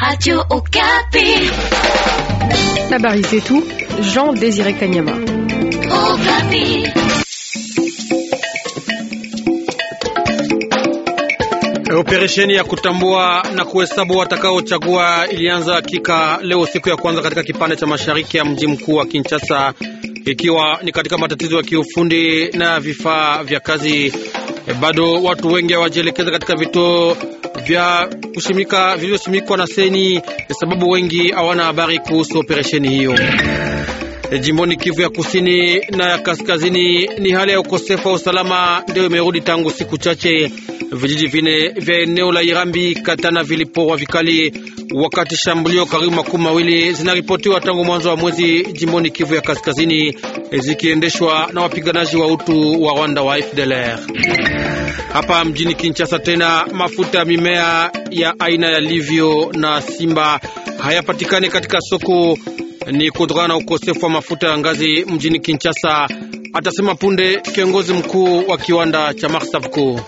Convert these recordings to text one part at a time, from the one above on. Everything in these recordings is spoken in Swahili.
Radio Okapi. Habari zetu Jean Désiré Kanyama. Okapi. Operesheni ya kutambua na kuhesabu watakaochagua ilianza hakika leo siku ya kwanza katika kipande cha mashariki ya mji mkuu wa Kinshasa ikiwa ni katika matatizo ya kiufundi na vifaa vya kazi. E, bado watu wengi hawajielekeza katika vituo vya kushimika vilivyosimikwa na seni, sababu wengi hawana habari kuhusu operesheni hiyo. E, jimboni Kivu ya kusini na ya kaskazini, ni hali ya ukosefu wa usalama ndio imerudi tangu siku chache. Vijiji vine vya eneo la Irambi, Katana viliporwa vikali, wakati shambulio karibu makumi mawili zinaripotiwa tangu mwanzo wa mwezi jimboni Kivu ya kaskazini, e, zikiendeshwa na wapiganaji wa utu wa Rwanda wa FDLR. Hapa mjini Kinshasa tena mafuta ya mimea ya aina ya livyo na Simba hayapatikani katika soko ni kutokana na ukosefu wa mafuta ya ngazi mjini Kinshasa, atasema punde kiongozi mkuu wa kiwanda cha Marsavco.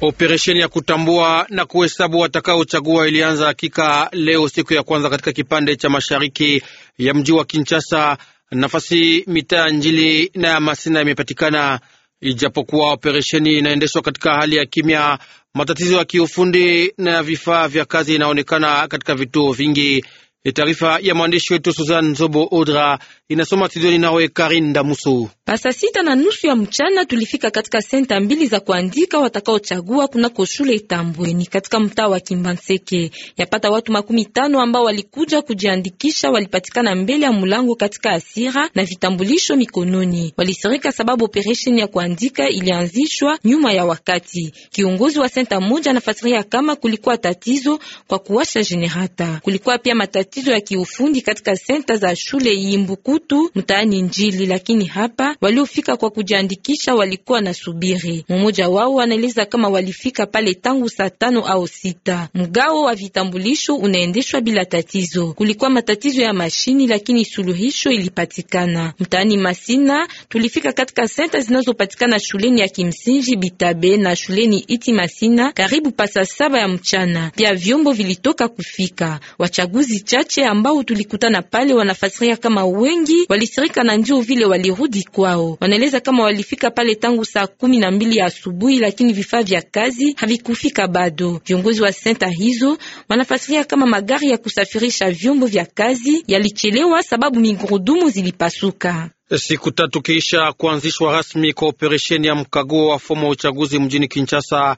Operesheni ya kutambua na kuhesabu watakaochagua ilianza hakika leo siku ya kwanza katika kipande cha mashariki ya mji wa Kinshasa. Nafasi mitaa Njili na ya Masina imepatikana. Ijapokuwa operesheni inaendeshwa katika hali ya kimya, matatizo ya kiufundi na ya vifaa vya kazi inaonekana katika vituo vingi. E, taarifa ya mwandishi wetu Suzan Zobo Odra inasoma studioni nawe Karin Damuso. Pasa sita na nusu ya mchana tulifika katika senta mbili za kuandika watakaochagua kunako shule Itambweni katika mtaa wa Kimbanseke. Yapata watu makumi tano ambao walikuja kujiandikisha walipatikana mbele ya mlango katika asira na vitambulisho mikononi. Walisirika sababu operesheni ya kuandika ilianzishwa nyuma ya wakati. Kiongozi wa senta moja anafasiria kama kulikuwa tatizo kwa kuwasha jenerata. Kulikuwa pia matatizo matatizo ya kiufundi katika senta za shule Yimbukutu mtaani Njili, lakini hapa waliofika kwa kujiandikisha walikuwa na subiri. Mmoja wao anaeleza kama walifika pale tangu saa tano au sita. Mgao wa vitambulisho unaendeshwa bila tatizo. Kulikuwa matatizo ya mashini, lakini suluhisho ilipatikana. Mtaani Masina tulifika katika senta zinazopatikana shuleni ya kimsingi Bitabe na shuleni Iti Masina karibu pasa saba ya mchana. Pia vyombo vilitoka kufika wachaguzi cha wachache ambao tulikutana pale wanafasiria kama wengi walisirika na njoo vile walirudi kwao. Wanaeleza kama walifika pale tangu saa kumi na mbili ya asubuhi, lakini vifaa vya kazi havikufika bado. Viongozi wa senta hizo wanafasiria kama magari ya kusafirisha vyombo vya kazi yalichelewa sababu migurudumu zilipasuka. Siku tatu kiisha kuanzishwa rasmi kwa operesheni ya mkaguo wa fomu wa uchaguzi mjini Kinshasa,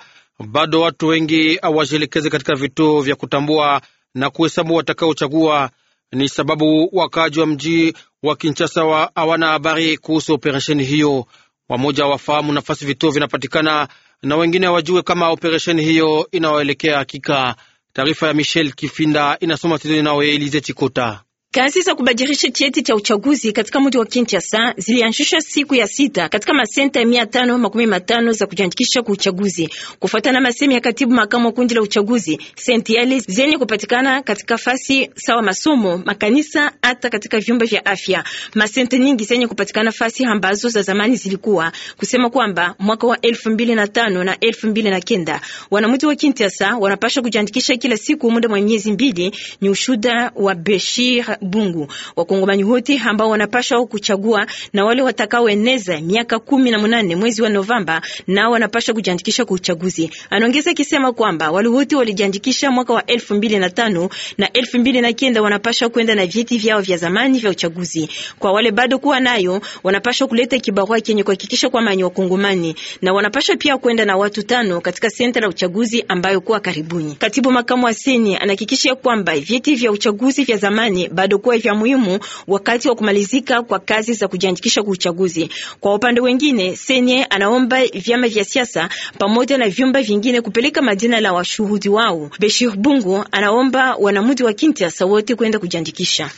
bado watu wengi hawajielekezi katika vituo vya kutambua na kuhesabu watakaochagua. Ni sababu wakaaji wa mji wa Kinshasa hawana habari kuhusu operesheni hiyo. Wamoja wafahamu nafasi vituo vinapatikana na wengine hawajue kama operesheni hiyo inawaelekea hakika. Taarifa ya Michel Kifinda inasoma Tizoni nawe Elize Chikota. Kazi za kubadilisha cheti cha uchaguzi katika mji wa Kinshasa zilianzishwa siku ya sita katika masenta mia tano makumi matano za kujiandikisha kwa uchaguzi, kufuatana na masemi ya katibu makamu wa kundi la uchaguzi. Senti yale zenye kupatikana katika fasi sawa masomo, makanisa, hata katika vyumba vya afya. Masenta nyingi zenye kupatikana fasi ambazo za zamani zilikuwa kusema kwamba mwaka wa elfu mbili na tano na elfu mbili na kenda wanamji wa Kinshasa wanapasha kujiandikisha kila siku muda wa miezi mbili. Ni ushuda wa Beshir Bungu. Wakongomani wote ambao wanapasha kuchagua na wale watakaoeneza miaka kumi na munane mwezi wa Novemba nao wanapasha kujiandikisha kwa uchaguzi. Anaongeza akisema kwamba wale wote walijiandikisha mwaka wa elfu mbili na tano na elfu mbili na kenda wanapasha kwenda na vyeti vyao vya zamani vya uchaguzi. Kwa wale bado kuwa nayo wanapasha kuleta kibarua kenye kuhakikisha kwamba ni Wakongomani na wanapasha pia kwenda na watu tano katika senta la uchaguzi ambayo kuwa karibuni. Katibu makamu wa seni anahakikisha kwamba vyeti vya uchaguzi vya zamani bado kuwa vya muhimu wakati wa kumalizika kwa kazi za kujiandikisha kwa uchaguzi. Kwa upande wengine, Senye anaomba vyama vya siasa pamoja na vyumba vingine kupeleka majina la washuhudi wao. Beshir Bungu anaomba wanamuji wa Kinshasa wote kwenda kujiandikisha.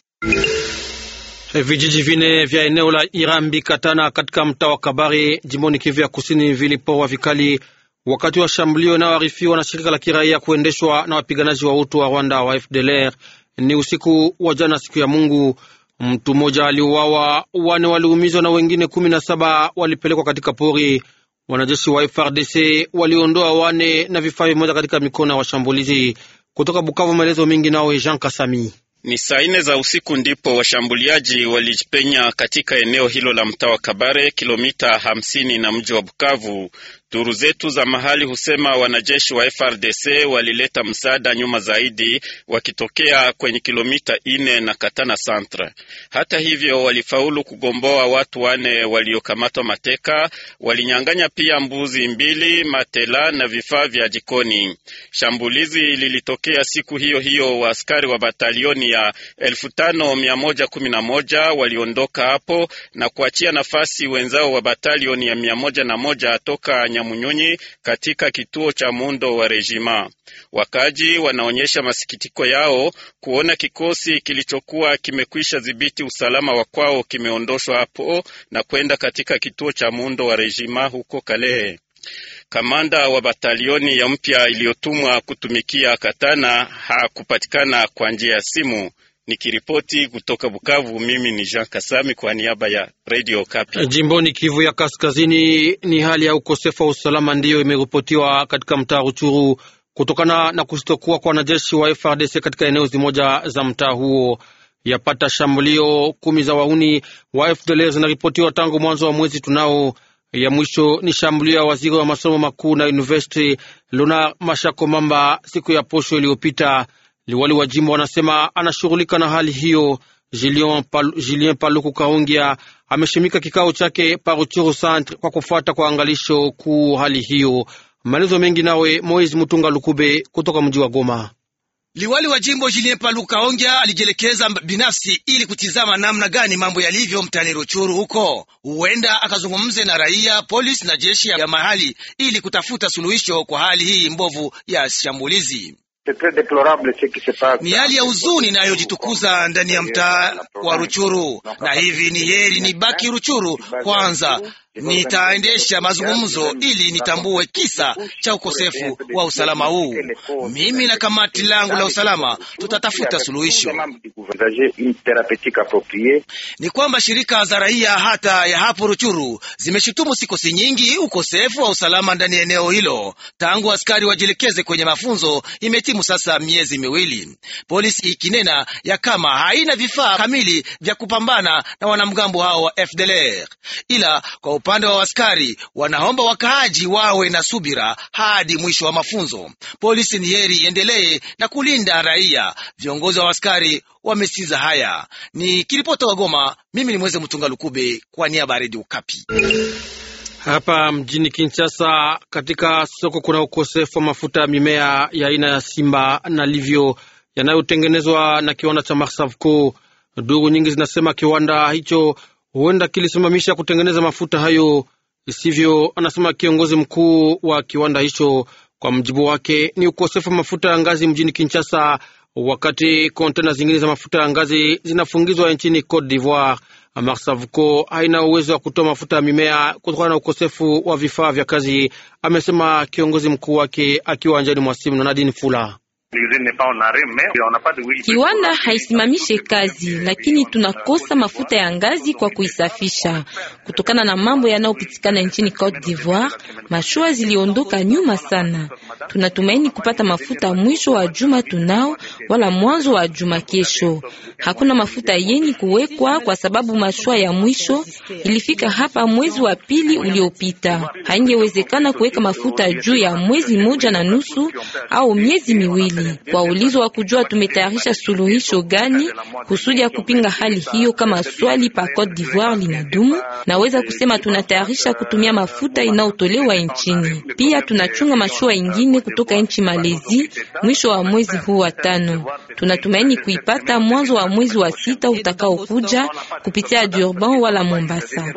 Vijiji vine vya eneo la Irambi Katana katika mtaa wa Kabari jimboni Kivu ya Kusini vilipowa vikali wakati wa shambulio inayoarifiwa na shirika la kiraia kuendeshwa na wapiganaji wa utu wa Rwanda wa FDLR. Ni usiku wa jana, siku ya Mungu, mtu mmoja aliuawa, wane waliumizwa na wengine kumi na saba walipelekwa katika pori. Wanajeshi wa FRDC waliondoa wane na vifaa vimoja katika mikono ya washambulizi kutoka Bukavu. Maelezo mengi nawe Jean Kasami. Ni saa nne za usiku ndipo washambuliaji walijipenya katika eneo hilo la mtaa wa Kabare, kilomita hamsini na mji wa Bukavu. Duru zetu za mahali husema wanajeshi wa FRDC walileta msaada nyuma zaidi wakitokea kwenye kilomita ine na Katana Centre. Hata hivyo, walifaulu kugomboa watu wane waliokamatwa mateka, walinyang'anya pia mbuzi mbili, matela na vifaa vya jikoni. Shambulizi lilitokea siku hiyo hiyo, wa askari wa batalioni ya 5111 waliondoka hapo na kuachia nafasi wenzao wa batalioni ya 101 toka Nyamunyunyi katika kituo cha Mundo wa rejima. Wakaji wanaonyesha masikitiko yao kuona kikosi kilichokuwa kimekwisha dhibiti usalama wa kwao kimeondoshwa hapo na kwenda katika kituo cha Mundo wa rejima huko Kalehe. Kamanda wa batalioni ya mpya iliyotumwa kutumikia Katana hakupatikana kwa njia ya simu. Nikiripoti kutoka Bukavu, mimi ni Jean Kasami kwa niaba ya Radio Kapi. Jimboni Kivu ya Kaskazini, ni hali ya ukosefu wa usalama ndiyo imeripotiwa katika mtaa Ruchuru kutokana na kusitokuwa kwa wanajeshi wa FRDC katika eneo zimoja za mtaa huo. Yapata shambulio kumi za wauni wa FDLR zinaripotiwa tangu mwanzo wa mwezi tunao. Ya mwisho ni shambulio ya waziri wa masomo makuu na university Leonard Mashako Mamba siku ya posho iliyopita. Liwali wa jimbo anasema anashughulika na hali hiyo. Julien, Pal, Paluku Kaungia ameshimika kikao chake Paruchuru Centre kwa kufuata kwa angalisho kuu hali hiyo. Maelezo mengi nawe Moise Mutunga Lukube kutoka mji wa Goma. Liwali wa jimbo Julien Paluka Ongia alijielekeza binafsi ili kutizama namna gani mambo yalivyo mtaani Ruchuru huko, huenda akazungumze na raia, polisi na jeshi ya mahali ili kutafuta suluhisho kwa hali hii mbovu ya shambulizi. Ni hali ya huzuni inayojitukuza ndani ya mtaa wa Ruchuru, na hivi ni heri baki eh? Ruchuru kwanza nitaendesha mazungumzo ili nitambue kisa cha ukosefu wa usalama huu. Mimi na kamati langu la usalama tutatafuta suluhisho. Ni kwamba shirika za raia hata ya hapo Ruchuru zimeshutumu siku si nyingi ukosefu wa usalama ndani ya eneo hilo tangu askari wajielekeze kwenye mafunzo. Imetimu sasa miezi miwili, polisi ikinena ya kama haina vifaa kamili vya kupambana na wanamgambo hao wa FDLR, ila kwa upande wa askari wanaomba wakaaji wawe na subira hadi mwisho wa mafunzo. Polisi ni heri iendelee na kulinda raia. Viongozi wa askari wamesiza haya. ni wa Goma, mimi ni Mweze Mtunga Lukube kwa niaba ya Redio Ukapi. Hapa mjini Kinshasa, katika soko kuna ukosefu wa mafuta ya mimea ya aina ya Simba na Livyo yanayotengenezwa na kiwanda cha Marsavco. Duru nyingi zinasema kiwanda hicho huenda kilisimamisha kutengeneza mafuta hayo, isivyo, anasema kiongozi mkuu wa kiwanda hicho. Kwa mjibu wake, ni ukosefu wa mafuta ya ngazi mjini Kinshasa, wakati kontena zingine za mafuta ya ngazi zinafungizwa nchini Cote d'Ivoire. Marsavuko haina uwezo wa kutoa mafuta ya mimea kutokana na ukosefu wa vifaa vya kazi, amesema kiongozi mkuu wake akiwa anjani mwa simu na Nadine Fula. Kiwanda haisimamishe kazi, lakini tunakosa mafuta ya ngazi kwa kuisafisha. Kutokana na mambo yanayopitikana nchini Cote d'Ivoire, mashua ziliondoka nyuma sana. Tunatumaini kupata mafuta mwisho wa juma tunao, wala mwanzo wa juma kesho. Hakuna mafuta yeni kuwekwa kwa sababu mashua ya mwisho ilifika hapa mwezi wa pili uliopita. Haingewezekana kuweka mafuta juu ya mwezi moja na nusu au miezi miwili waulizwa wa kujua tumetayarisha suluhisho gani kusudi ya kupinga hali hiyo. Kama swali pa Cote d'Ivoire linadumu, naweza kusema tunatayarisha kutumia mafuta inayotolewa nchini. Pia tunachunga mashua ingine kutoka nchi Malezi mwisho wa mwezi huu wa tano. Tunatumaini kuipata mwanzo wa mwezi wa sita utakaokuja kupitia Durban wala Mombasa.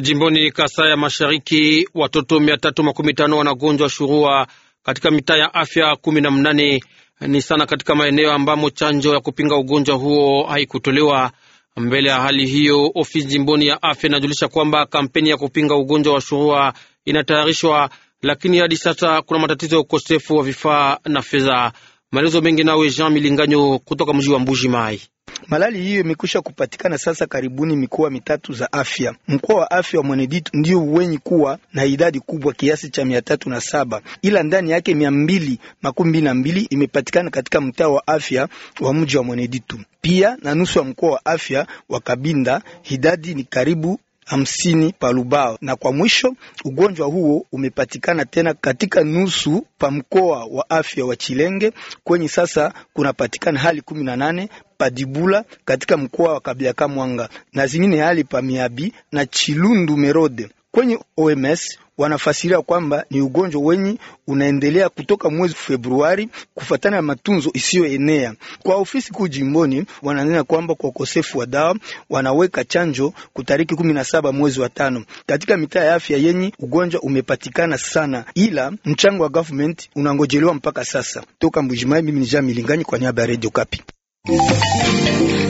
Jimboni Kasai ya Mashariki, watoto mia tatu makumi tano wanagonjwa shurua katika mitaa ya afya kumi na mnane ni sana katika maeneo ambamo chanjo ya kupinga ugonjwa huo haikutolewa. Mbele ya hali hiyo, ofisi jimboni ya afya inajulisha kwamba kampeni ya kupinga ugonjwa wa shurua inatayarishwa, lakini hadi sasa kuna matatizo ya ukosefu wa vifaa na fedha. Maelezo mengi nawe Jean Milinganyo kutoka mji wa Mbuji Mai. Malali hiyo imekwisha kupatikana sasa karibuni mikoa mitatu za afya. Mkoa wa afya wa Mweneditu ndio wenye kuwa na idadi kubwa kiasi cha mia tatu na saba ila ndani yake mia mbili makumi na mbili imepatikana katika mtaa wa afya wa mji wa Mweneditu, pia na nusu ya mkoa wa afya wa Kabinda idadi ni karibu hamsini pa Lubao, na kwa mwisho ugonjwa huo umepatikana tena katika nusu pa mkoa wa afya wa Chilenge kwenye sasa kunapatikana hali kumi na nane padibula katika mkoa wa Kabiakamwanga na zingine hali pa Miabi na Chilundu Merode kwenye OMS wanafasiria kwamba ni ugonjwa wenye unaendelea kutoka mwezi Februari kufatana na matunzo isiyoenea. Kwa ofisi kuu jimboni wananena kwamba kwa ukosefu wa dawa wanaweka chanjo kutariki kumi na saba mwezi wa tano katika mitaa ya afya yenye ugonjwa umepatikana sana, ila mchango wa government unangojelewa mpaka sasa. Toka Mbujimai, mimi ni Jean Milingani kwa niaba ya Radio Kapi.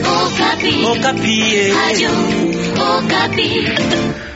Okapi. Okapi. Eh.